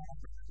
happen.